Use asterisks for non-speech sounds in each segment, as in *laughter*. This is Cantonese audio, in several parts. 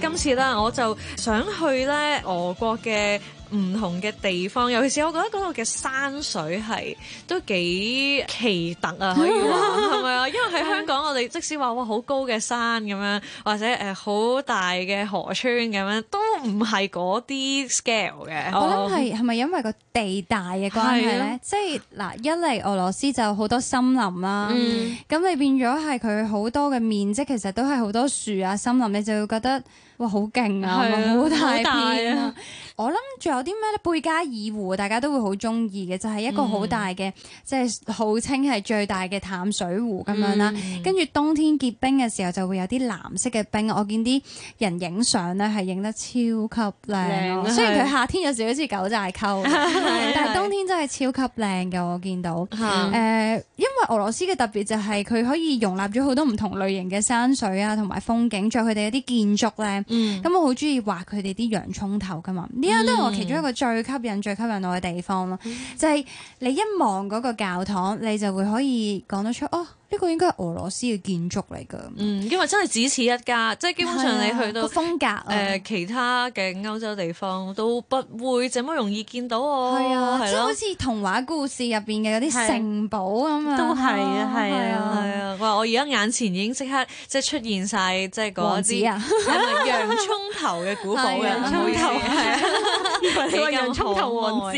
今次咧，我就想去咧，俄國嘅。唔同嘅地方，尤其是我覺得嗰度嘅山水係都幾奇特啊，係咪啊？因為喺香港， *laughs* 我哋即使話哇好高嘅山咁樣，或者誒好、呃、大嘅河川咁樣，都唔係嗰啲 scale 嘅。我諗係係咪因為個地大嘅關係咧？是啊、即係嗱，一嚟俄羅斯就有好多森林啦、啊，咁你變咗係佢好多嘅面積，其實都係好多樹啊森林，林，你就會覺得。哇，好勁啊！好大，啊！我諗仲有啲咩呢？貝加爾湖大家都會好中意嘅，就係、是、一個好大嘅，即係、嗯、號稱係最大嘅淡水湖咁樣啦。嗯、跟住冬天結冰嘅時候，就會有啲藍色嘅冰。我見啲人影相咧，係影得超級靚、啊。啊、雖然佢夏天有時好似九寨溝， *laughs* 是但係冬天真係超級靚嘅。我見到誒是、呃，因為俄羅斯嘅特別就係佢可以容納咗好多唔同類型嘅山水啊，同埋風景，仲有佢哋一啲建築咧。咁、嗯、我好中意畫佢哋啲洋葱頭噶嘛，呢個都係我其中一個最吸引、嗯、最吸引我嘅地方咯，嗯、就係你一望嗰個教堂，你就會可以講得出哦。呢個應該係俄羅斯嘅建築嚟㗎。嗯，因為真係只此一家，即係基本上你去到個風格誒，其他嘅歐洲地方都不會這麼容易見到我。係啊，即係好似童話故事入邊嘅嗰啲城堡咁樣。都係啊，係啊，係啊。我我而家眼前已經即刻即係出現晒，即係嗰支，有冇洋葱頭嘅古堡啊？洋葱頭係啊，幾咁可愛？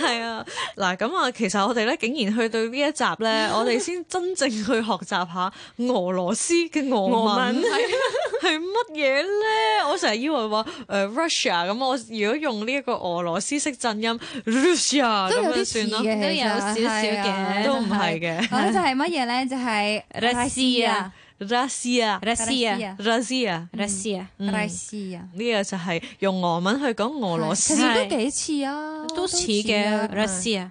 係啊，嗱咁啊，其實我哋咧竟然去到呢一集咧，我哋先真正。去學習下俄羅斯嘅俄文係乜嘢咧？我成日以為話誒 Russia 咁，我如果用呢一個俄羅斯式震音 Russia，都有啲似嘅，都有少少嘅，都唔係嘅。咁就係乜嘢咧？就係 Russia，Russia，Russia，Russia，Russia，呢個就係用俄文去講俄羅斯。其實都幾似啊，都似嘅 Russia。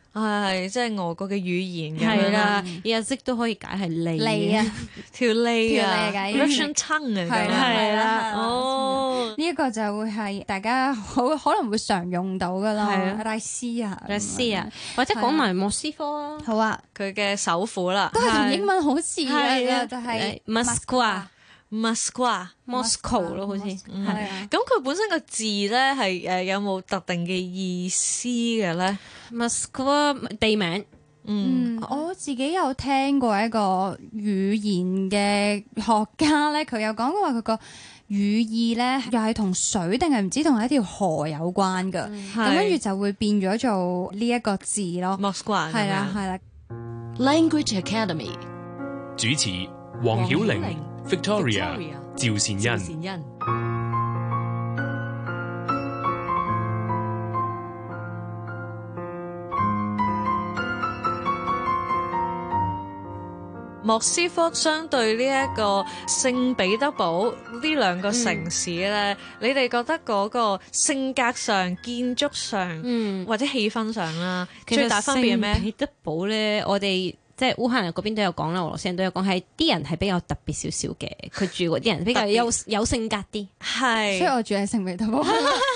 係，即係俄國嘅語言咁樣啦，日式都可以解係脷，脷啊，條脷啊，解 Russian tongue 啊，係啦，哦，呢一個就會係大家好可能會常用到噶啦，列斯啊，列斯啊，或者講埋莫斯科，好啊，佢嘅首府啦，都係同英文好似啊，但係 Moscow Moscow，Moscow 咯，好似係啊。咁佢本身個字咧，係誒有冇特定嘅意思嘅咧？Moscow 地名。嗯，嗯，我自己有聽過一個語言嘅學家咧，佢有講過話佢個語義咧，又係同水定係唔知同一條河有關噶。咁跟住就會變咗做呢一個字咯。Moscow 係啊，啊，係啦。Language Academy 主持黃曉玲。Victoria，, Victoria。趙善恩。 *noise* 莫斯科相對呢一個聖彼得堡呢兩個城市咧，嗯、你哋覺得嗰個性格上、建築上，嗯上嗯，嗯，嗯嗯嗯或者氣氛上啦，最大分別係咩？聖彼得堡咧，我哋。即係烏克蘭嗰邊都有講啦，俄羅斯人都有講，係啲人係比較特別少少嘅，佢住嗰啲人比較 *laughs* 是有有性格啲，係是，所以我住喺聖美得堡、聖彼得堡。 *laughs*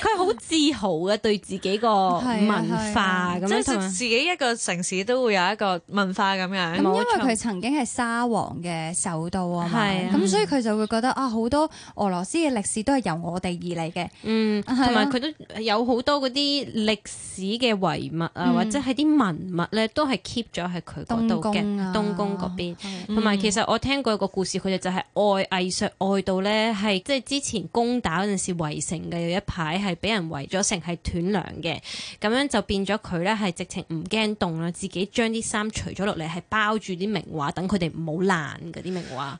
*laughs* 好自豪嘅、啊，對自己個文化，啊啊、樣即係自己一個城市都會有一個文化咁樣。冇錯。因為佢曾經係沙皇嘅首都啊嘛，咁、啊、所以佢就會覺得啊，好多俄羅斯嘅歷史都係由我哋而嚟嘅。嗯，同埋佢都有好多啲歷史嘅遺物啊，嗯、或者係啲文物咧，都係 keep 咗喺佢嗰度嘅東宮嗰、啊、邊。同埋、嗯、其實我聽過一個故事，佢哋就係愛藝術愛到咧，係即係之前攻打嗰陣時圍城嘅有一排係俾人。圍咗城係斷糧嘅，咁樣就變咗佢咧係直情唔驚凍啦，自己將啲衫除咗落嚟，係包住啲名畫，等佢哋唔好爛嗰啲名畫、啊。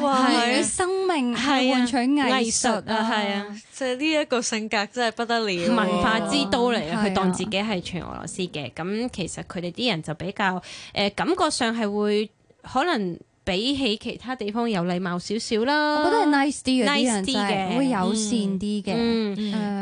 哇！是生命係換取藝術啊，係啊，即係呢一個性格真係不得了。文化之都嚟啊，佢當自己係全俄羅斯嘅，咁、啊、其實佢哋啲人就比較誒、呃，感覺上係會可能。比起其他地方有禮貌少少啦，我覺得係 nice 啲嘅，會友善啲嘅。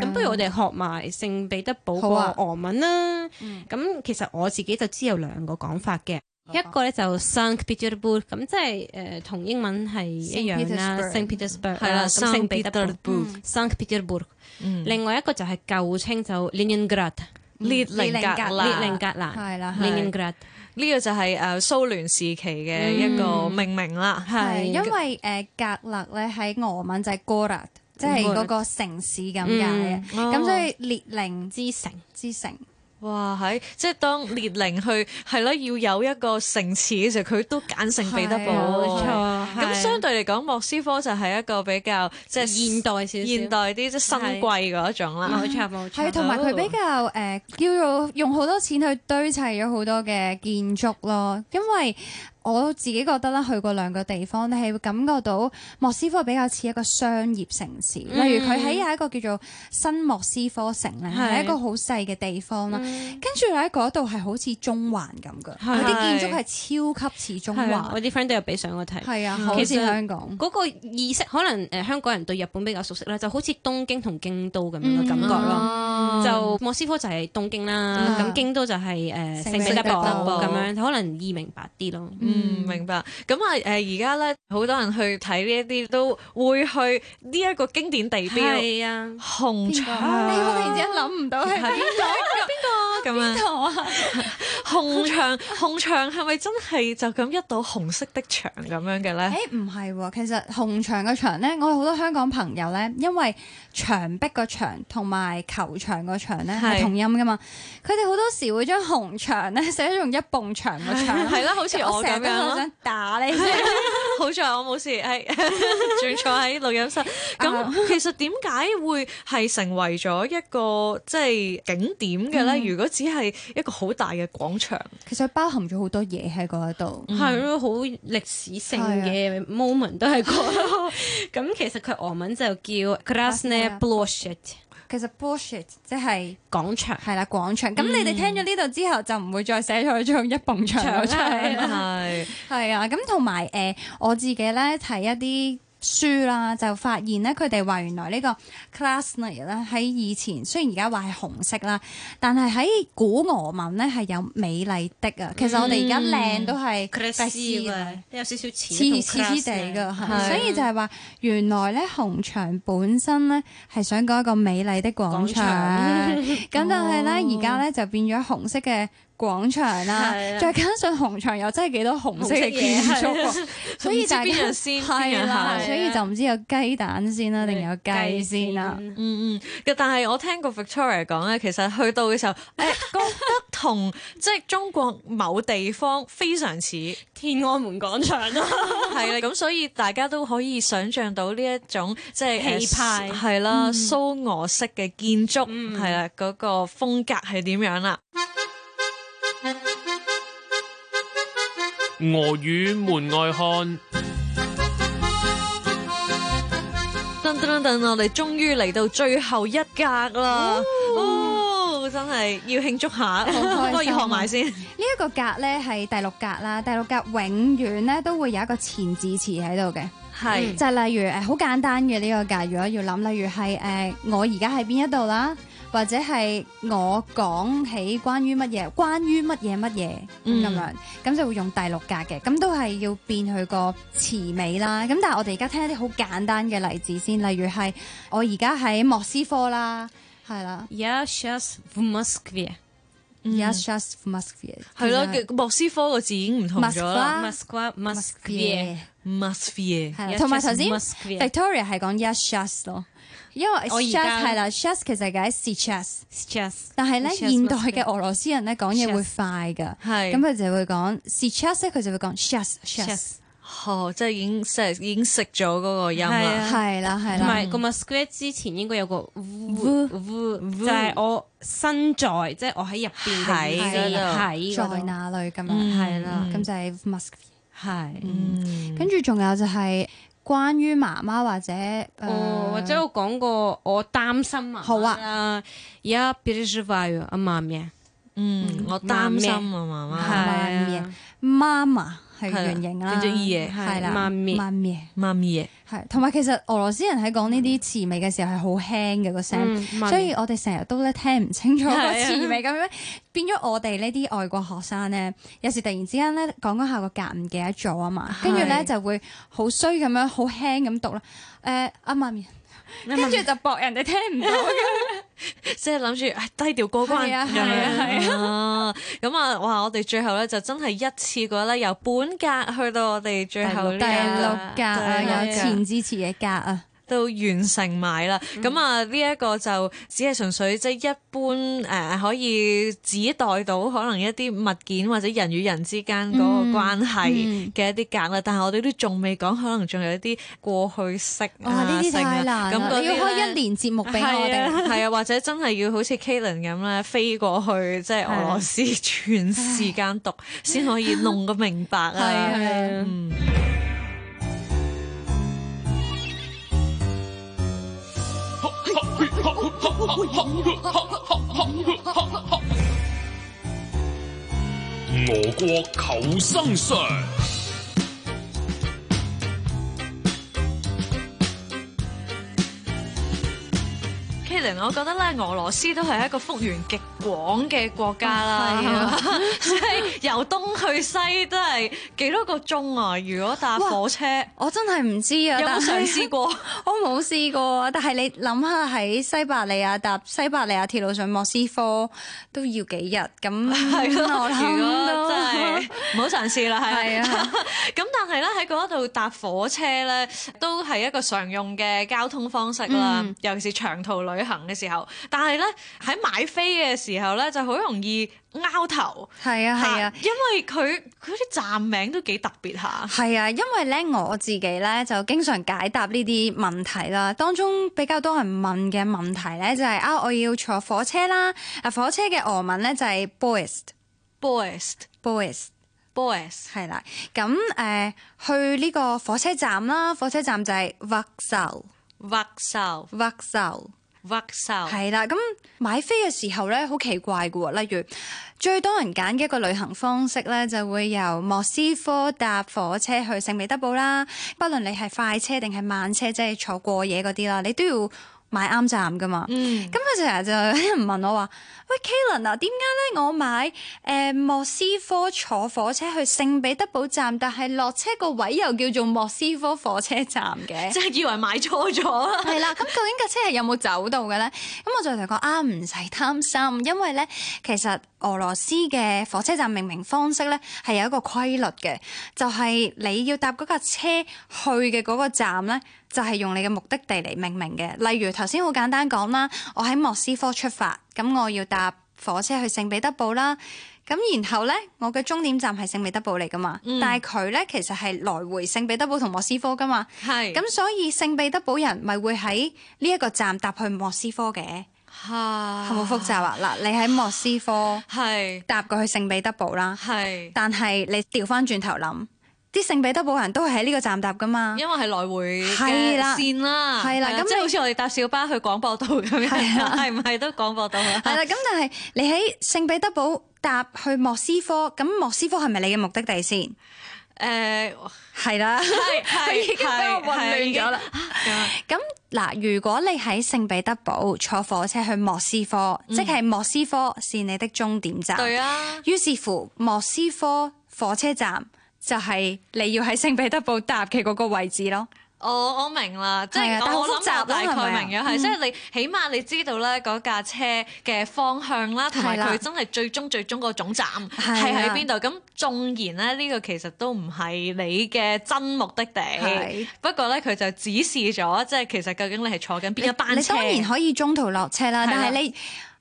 咁不如我哋學埋聖彼得堡個俄文啦。咁其實我自己就知有兩個講法嘅，一個咧就 Sankt Peterburg 咁即係誒同英文係一樣啦，Sankt Peterburg 係啦，Sankt Peterburg。另外一個就係舊稱就 Leningrad，列寧格列寧格蘭係啦。呢個就係誒蘇聯時期嘅一個命名啦，係、嗯、是因為誒那格勒咧喺、呃、俄文就係 Gorod 即係嗰個城市咁解嘅，咁所以列寧之城之城。哇！喺即係當列寧去係咯， *laughs* 要有一個城市嘅時候，佢都揀成彼得堡、啊。冇錯咁相對嚟講，莫斯科就係一個比較即係現代少少、現代啲即是新貴嗰種啦。冇、嗯、錯，冇、嗯、錯。係同埋佢比較誒，要好、呃、用用好多錢去堆砌咗好多嘅建築咯，因為。我自己覺得咧，去過兩個地方咧，係會感覺到莫斯科比較似一個商業城市。例如佢喺有一個叫做新莫斯科城咧，係一個好細嘅地方啦。跟住喺嗰度係好似中環咁嘅，佢啲建築係超級似中環。我啲 friend 都有俾上我睇，係啊，其實好似香港嗰個意識，可能誒香港人對日本比較熟悉啦，就好似東京同京都咁樣嘅感覺咯。就莫斯科就係東京啦，咁京都就係誒聖彼得堡咁樣，可能易明白啲咯。嗯，明白。咁啊，誒而家咧，好多人去睇呢一啲，都會去呢一個經典地標。係、哦、啊，紅牆唱。你突然之間諗唔到係邊個？ *laughs* 咁啊！ *laughs* 紅牆場 *laughs* 紅牆係咪真係就咁一堵紅色的牆咁樣嘅咧？誒，唔係，其實紅牆個牆咧，我有好多香港朋友咧，因為牆壁個牆同埋球場個牆咧係同音噶嘛，佢哋好多時會將紅牆咧寫咗用一埲牆個牆，係啦、啊，好似我咁樣咯。我想打你！ *laughs* *laughs* *laughs* 好在我冇事，係仲坐喺錄音室。咁、uh, 其實點解會係成為咗一個即係、就是、景點嘅咧？如果、嗯只係一個好大嘅廣、嗯啊那個廣、廣、嗯、廣場，其實包含咗好多嘢喺嗰度。係咯，好歷史性嘅 moment 都係嗰。咁其實佢俄文就叫 Krasnaya Ploshchad 其實 ploshchad 即係廣場，係啦廣場。咁你哋聽咗呢度之後，就唔會再寫錯咗一蹦牆啦。係係啊，咁同埋誒，我自己咧睇一啲。書啦，就發現咧，佢哋話原來呢個 class 呢，喺以前雖然而家話係紅色啦，但係喺古俄文咧係有美麗嘅，啊。其實我哋而家靚都係，有少少似似似地嘅，所以就係話原來咧紅牆本身咧係想講一個美麗嘅廣場，咁但係咧而家咧就變咗紅色嘅。廣場啦，再加上紅場又真係幾多紅色嘅建築，所以就邊人先，所以就唔知有雞蛋先啦，定有雞先啦。嗯嗯，但係我聽過 Victoria 講咧，其實去到嘅時候，誒覺得同即係中國某地方非常似天安門廣場咯，係啦。咁所以大家都可以想像到呢一種即係氣派係啦，蘇俄式嘅建築係啦，嗰個風格係點樣啦？俄語門外漢，等等等，我哋終於嚟到最後一格啦！哦，哦，真係要慶祝下，應該要學埋先。呢一個格咧係第六格啦，第六格永遠咧都會有一個前置詞喺度嘅，係。就係例如誒好簡單嘅呢個格，如果要諗，例如係誒我而家喺邊一度啦。或者係我講起關於乜嘢，關於乜嘢乜嘢咁樣，咁就會用第六格嘅，咁都係要變佢個詞尾啦。咁但係我哋而家聽一啲好簡單嘅例子先，例如係我而家喺莫斯科啦，係啦，Ya v Moskve, Ya v Moskve，係咯，莫斯科個字已經唔同咗啦，Moscow, Moscow, Moscow，係啦，同埋頭先，Victoria 係講 Ya v Moskve 咯。Yeah, 因為我係啦，chess 其實解係 chess，chess。但係咧，現代嘅俄羅斯人咧，講嘢會快㗎，咁佢就會講 chess，佢就會講 chess，chess。哦，即係已經食已經食咗嗰個音啦。係啦，係啦。唔係，個 musque 之前應該有個 wu，wu，就係我身在，即係我喺入邊喺喺，在哪裏咁樣，係啦，咁就係 musque。係。嗯。跟住仲有就係。關於媽媽或者誒，哦呃、或者我講過我擔心啊。好啊，一 p r e s e r e 阿媽咪？嗯，我擔心我媽媽咩？媽媽。係原型啦，係啦媽咪，媽的咪，媽咪係。同埋咪其實俄羅斯人喺講呢啲詞尾嘅時候係好輕嘅個聲，嗯、所以我哋成日都咧聽唔清楚個詞尾咁樣。的變咗我哋呢啲外國學生咧，有時突然之間咧講嗰下個格唔記得咗啊嘛，跟住咧就會好衰咁樣，好輕咁讀啦。誒、呃，阿媽咪，跟住咪就博人哋聽唔到 *laughs* 即係諗住低調過關啊！咁啊，哇！我哋最後咧就真係一次過咧，由本格去到我哋最後第六格啊，有潛支持嘅格啊！都完成埋啦，咁、嗯嗯、啊呢一、這個就只係純粹即係一般誒、呃、可以指代到可能一啲物件或者人與人之間嗰個關係嘅一啲格啦，嗯嗯、但係我哋都仲未講，可能仲有一啲過去式啊，咁嗰啲太難啦，要開一年節目俾我哋，係啊，是啊，或者真係要好似 Kalen 咁咧飛過去 *laughs* 即係俄羅斯全時間讀先 *laughs* 可以弄個明白啊，係 *laughs* 啊。 *laughs* *laughs* 俄國求生術，其實，我覺得咧，俄羅斯都係一個復原極廣嘅國家啦，即係，哦啊、 *laughs* *laughs* 由東去西都係幾多個鐘啊！如果搭火車，我真係唔知啊。有冇嘗試過？ *laughs* 我冇試過，但係你諗下喺西伯利亞搭西伯利亞鐵路上莫斯科都要幾日咁，係咯？ *laughs* 嗯、 *laughs* 如果真係唔好嘗試啦，係 *laughs* 啊。咁 *laughs* 但係咧喺嗰度搭火車咧，都係一個常用嘅交通方式啦，嗯、尤其是長途旅行嘅時候。但係咧喺買飛嘅時候，然後咧就好容易拗頭，係啊係下啊，因為佢佢啲站名都幾特別下。係啊，因為咧我自己咧就經常解答呢啲問題啦。當中比較多人問嘅問題咧就係、是、啊，我要坐火車啦。啊，火車嘅俄文咧就係 boist，boist，boist，boist 係啦。咁誒、呃、去呢個火車站啦，火車站就係 vokzal，vokzal，vokzal，屈收係啦，咁買飛嘅時候咧，好奇怪嘅喎。例如，最多人揀嘅一個旅行方式咧，就會由莫斯科搭火車去聖彼得堡啦。不論你係快車定係慢車，即係坐過夜嗰啲啦，你都要。買啱站噶嘛？咁佢成日就有人問我話：嗯、喂，Kalen 啊，點解咧我買誒、呃、莫斯科坐火車去聖彼得堡站，但係落車個位又叫做莫斯科火車站嘅？真係以為買錯咗啦。係 *laughs* 啦，咁究竟架車係有冇走到嘅咧？咁 *laughs* 我就同佢講，唔、啊、使擔心，因為咧其實俄羅斯嘅火車站命名方式咧係有一個規律嘅，就係、是、你要搭嗰架車去嘅嗰個站咧。就係用你嘅目的地嚟命名嘅，例如頭先好簡單講啦，我喺莫斯科出發，咁我要搭火車去聖彼得堡啦，咁然後呢，我嘅終點站係聖彼得堡嚟㗎嘛，嗯、但係佢呢，其實係來回聖彼得堡同莫斯科㗎嘛，係是，咁所以聖彼得堡人咪會喺呢一個站搭去莫斯科嘅，係是，有冇複雜啊？嗱， *laughs* 你喺莫斯科係搭過去聖彼得堡啦，係是，但係你調翻轉頭諗。啲聖彼得堡人都係喺呢個站搭噶嘛？因為係來回嘅線啦。係啦，咁即係好似我哋搭小巴去廣播道咁樣，係咪的 *laughs* 都廣播道？係啦，咁但係你喺聖彼得堡搭去莫斯科，咁莫斯科係咪你嘅目的地先？誒、呃，係啦的，佢而家俾我混亂咗啦。咁嗱， *laughs* 如果你喺聖彼得堡坐火車去莫斯科，嗯、即係莫斯科是你的終點站。對啊。於是乎，莫斯科火車站。就係你要喺聖彼得堡搭嘅嗰個位置咯。我、哦、我明啦，即係、啊、但好複雜咯，係咪？大概明嘅係，即係你、啊、起碼你知道咧嗰架車嘅方向啦，同埋佢真係最終最終嗰總站係喺邊度。咁、啊、縱然咧，呢、這個其實都唔係你嘅真目的地。啊、不過咧，佢就指示咗，即係其實究竟你係坐緊邊一班你。你當然可以中途落車啦，啊、但係你。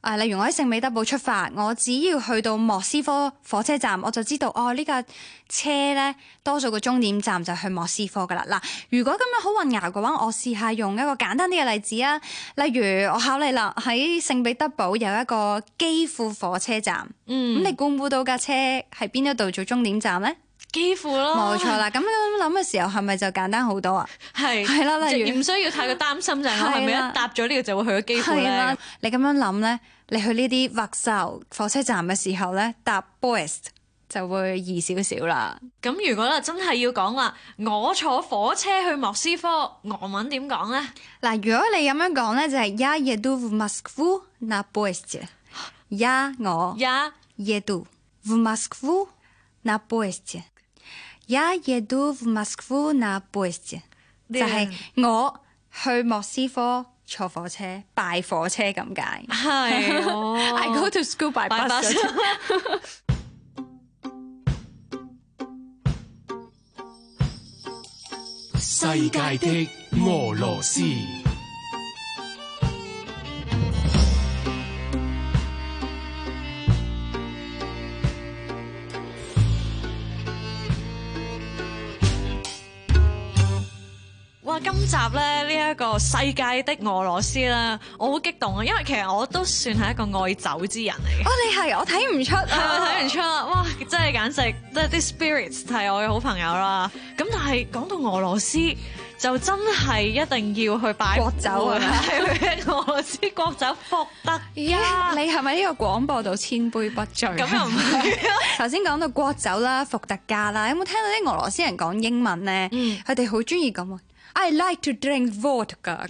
誒，例如我喺聖彼得堡出發，我只要去到莫斯科火車站，我就知道哦，呢架車咧多數個終點站就係去莫斯科噶啦。嗱，如果咁樣好混淆嘅話，我試下用一個簡單啲嘅例子啊。例如我考慮啦，喺聖彼得堡有一個基輔火車站，嗯，咁你估唔估到架車喺邊一度做終點站咧？幾乎咯，冇錯啦。咁樣諗嘅時候係咪就簡單好多啊？係係是啦，例如唔需要太過擔心就係，係咪 *laughs* 一搭咗呢個就會去咗機庫咧？你咁樣諗咧，你去呢啲畫秀火車站嘅時候咧，搭 Boist 就會易少少啦。咁如果咧真係要講話，我坐火車去莫斯科俄文點講咧？嗱，如果你咁樣講咧，就係 Я еду в Москву на поезде。Я еду в Москву на поезде。就係我去莫斯科坐火車，拜火車咁解。係，I go to school by bus。 *laughs* 世界的俄羅斯。集咧呢一、這個世界的俄羅斯啦，我好激動啊！因為其實我都算係一個愛酒之人嚟嘅。哦，你係我睇唔出，睇唔、哦哦、出啊！哇，真係簡直都係啲 spirits 係我嘅好朋友啦。咁但係講到俄羅斯，就真係一定要去擺國酒啊！係去俄羅斯國酒伏特。呀 Yeah,、欸，你係咪呢個廣播度千杯不醉？咁 *laughs* 又唔係。頭先講到國酒啦，伏特加啦，有冇聽到啲俄羅斯人講英文咧？佢哋好中意咁啊。I like to drink vodka。 *laughs*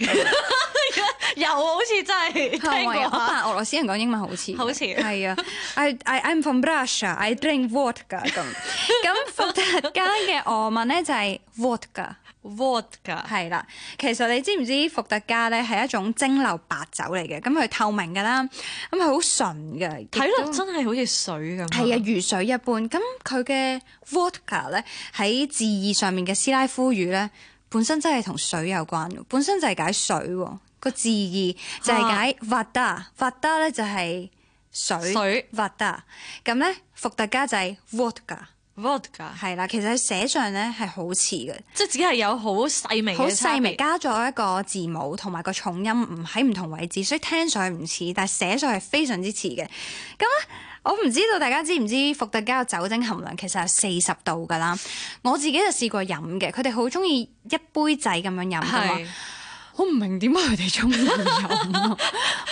又好似真係聽講，同埋、 *laughs* 嗯嗯嗯、俄羅斯人講英文好似好似係啊。I I'm from Russia. I drink vodka。 *laughs* 咁咁伏特加嘅俄文咧就係 vodka。vodka 係啦。其實你知唔知伏特加咧係一種蒸餾白酒嚟嘅？咁佢透明㗎啦，咁佢好純嘅，睇落看來 都真係好似水咁。係啊，如水一般。咁佢嘅 vodka 咧喺字義上面嘅斯拉夫語咧。本身真係同水有關，本身就係解水，個字義就係解 Vada，啊，Vada 咧就係水，水 Vada 咁咧伏特加就係 vodka。伏特加，係啦 V，其實寫上咧係好似嘅，即係只係有好細微好細微加咗一個字母，同埋個重音唔喺唔同位置，所以聽上去唔似，但係寫上係非常之似嘅。咁咧、啊，我唔知道大家知唔知伏特加嘅酒精含量其實係四十度㗎啦。我自己就試過飲嘅，佢哋好中意一杯仔咁樣飲嘅。我唔明點解佢哋中意飲，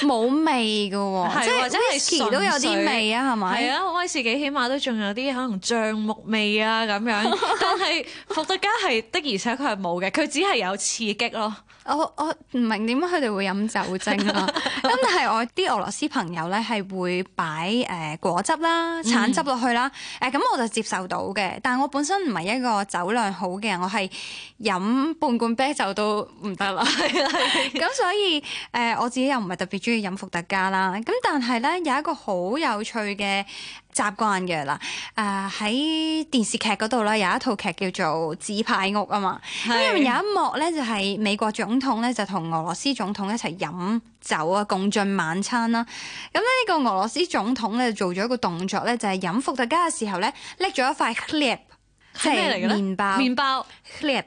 冇味嘅喎，或者，威士忌都有啲味啊，係咪？係啊， *laughs* 威士忌起碼都仲有啲可能橡木味啊咁樣，但係伏特加係的，的，而且佢係冇嘅，佢只係有刺激咯。我我唔明點解佢哋會飲酒精咯、啊，咁 *laughs* 但係我啲俄羅斯朋友咧係會擺誒、呃、果汁啦、橙汁落去啦，誒咁、嗯啊、我就接受到嘅。但係我本身唔係一個酒量好嘅人，我係飲半罐啤酒都唔得啦。咁 *laughs* *laughs* *laughs* 所以誒、呃，我自己又唔係特別鍾意飲伏特加啦。咁但係咧有一個好有趣嘅。習慣嘅啦，誒、呃、喺電視劇嗰度咧，有一套劇叫做《紙牌屋》啊嘛，咁入面有一幕咧，就係、是、美國總統咧就同俄羅斯總統一齊飲酒啊，共進晚餐啦。咁咧呢個俄羅斯總統咧做咗一個動作咧，就係飲伏特加嘅時候咧，拎咗一塊 clip，係咩嚟嘅咧？麵包。麵包。clip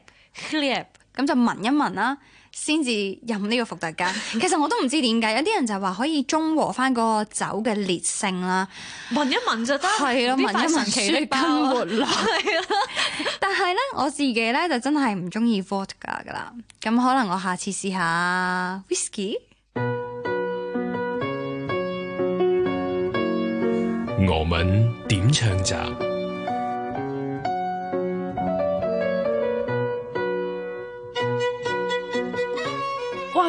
clip，咁就聞一聞啦。先至飲呢個伏特加，其實我都唔知點解有啲人就話可以中和翻嗰個酒嘅烈性啦，聞一聞就得，係咯，聞一聞其實飲唔落啦。但係咧，我自己咧就真係唔中意伏特加噶啦，咁可能我下次試下 whisky。俄文點唱咋？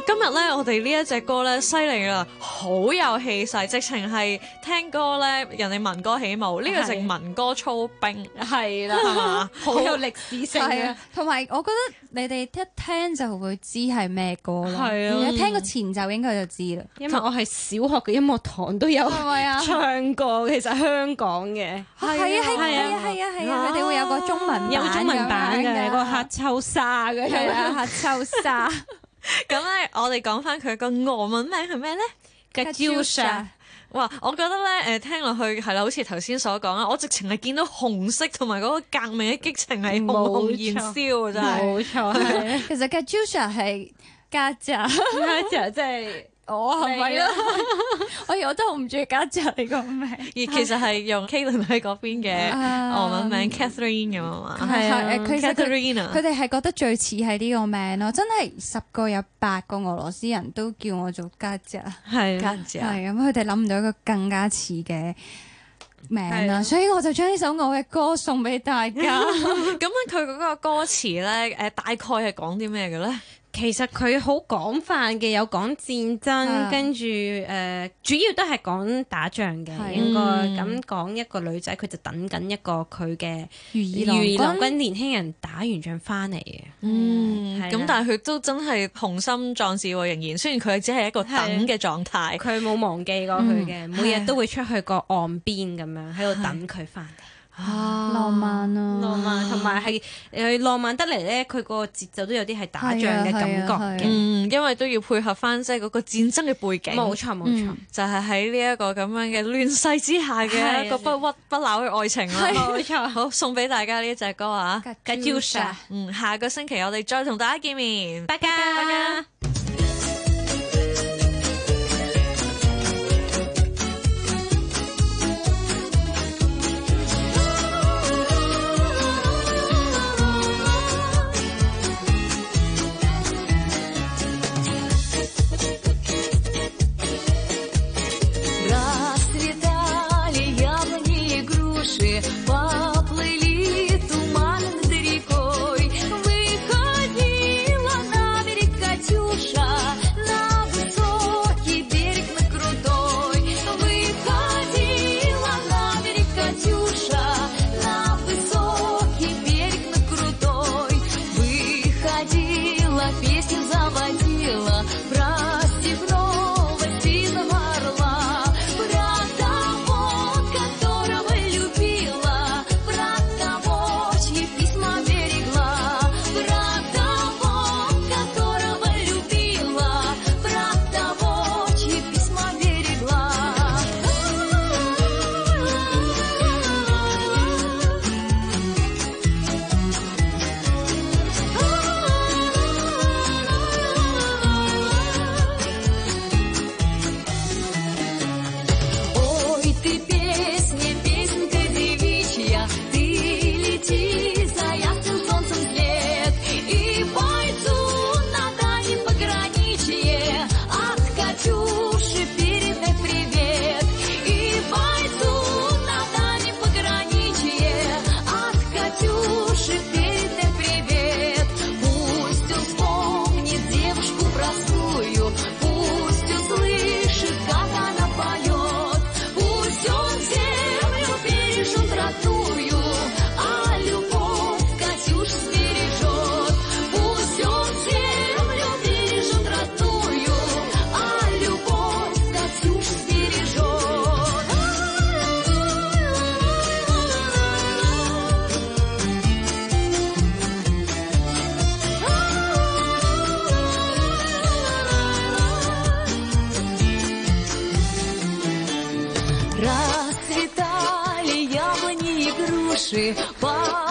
今日咧，我哋呢一隻歌咧，犀利啦，好有氣勢，直情係聽歌咧，人哋民歌起舞，呢個成民歌操兵，係啦，係嘛，好有歷史性啊！同埋，我覺得你哋一聽就會知係咩歌啦，而家聽個前奏應該就知啦，因為我係小學嘅音樂堂都有唱過，其實香港嘅，係啊，係啊，係啊，係啊，佢哋會有個中文版嘅，個喀秋莎嘅，個喀秋莎。咁咧，我哋講翻佢個俄文名係咩咧？Gajusha，哇！我覺得咧，誒聽落去係啦，好似頭先所講啦，我直情係見到紅色同埋嗰個革命嘅激情係熊熊燃燒，真係，冇錯，其實 Gajusha 係家姐，家姐。我係咪啦？我我都好唔中意嘉姐個名，而其實係用 Caitlin 嗰邊嘅俄文名、啊、Catherine 咁啊嘛。係係，佢哋佢哋係覺得最似係呢個名咯。真係十個有八個俄羅斯人都叫我做嘉姐啊。係嘉姐啊。係咁，佢哋諗唔到一個更加似嘅名啦。的所以我就將呢首我嘅歌送俾大家。咁佢嗰個歌詞咧，誒大概係講啲咩嘅咧？其實佢好廣泛嘅，有講戰爭，啊、跟住誒、呃、主要都係講打仗嘅應該。咁講一個女仔，佢就等緊一個佢嘅如意、如意郎君，年輕人打完仗翻嚟嘅。嗯，咁的、嗯、但係佢都真係雄心壯志喎、哦，仍然雖然佢只係一個等嘅狀態，佢冇忘記過佢嘅，嗯嗯、每日都會出去個岸邊咁樣喺度等佢翻。啊，浪漫啊，浪漫，同埋係誒浪漫得嚟咧，佢個節奏都有啲係打仗嘅感覺嘅，啊啊啊啊、嗯，因為都要配合翻即係嗰個戰爭嘅背景。冇錯冇錯，錯嗯、就係喺呢一個咁樣嘅亂世之下嘅一個不屈不撓嘅愛情啦。冇、啊啊、 *laughs* 錯，好送俾大家呢隻歌啊！《Gentleman》嗯，下個星期我哋再同大家見面，拜拜。水花。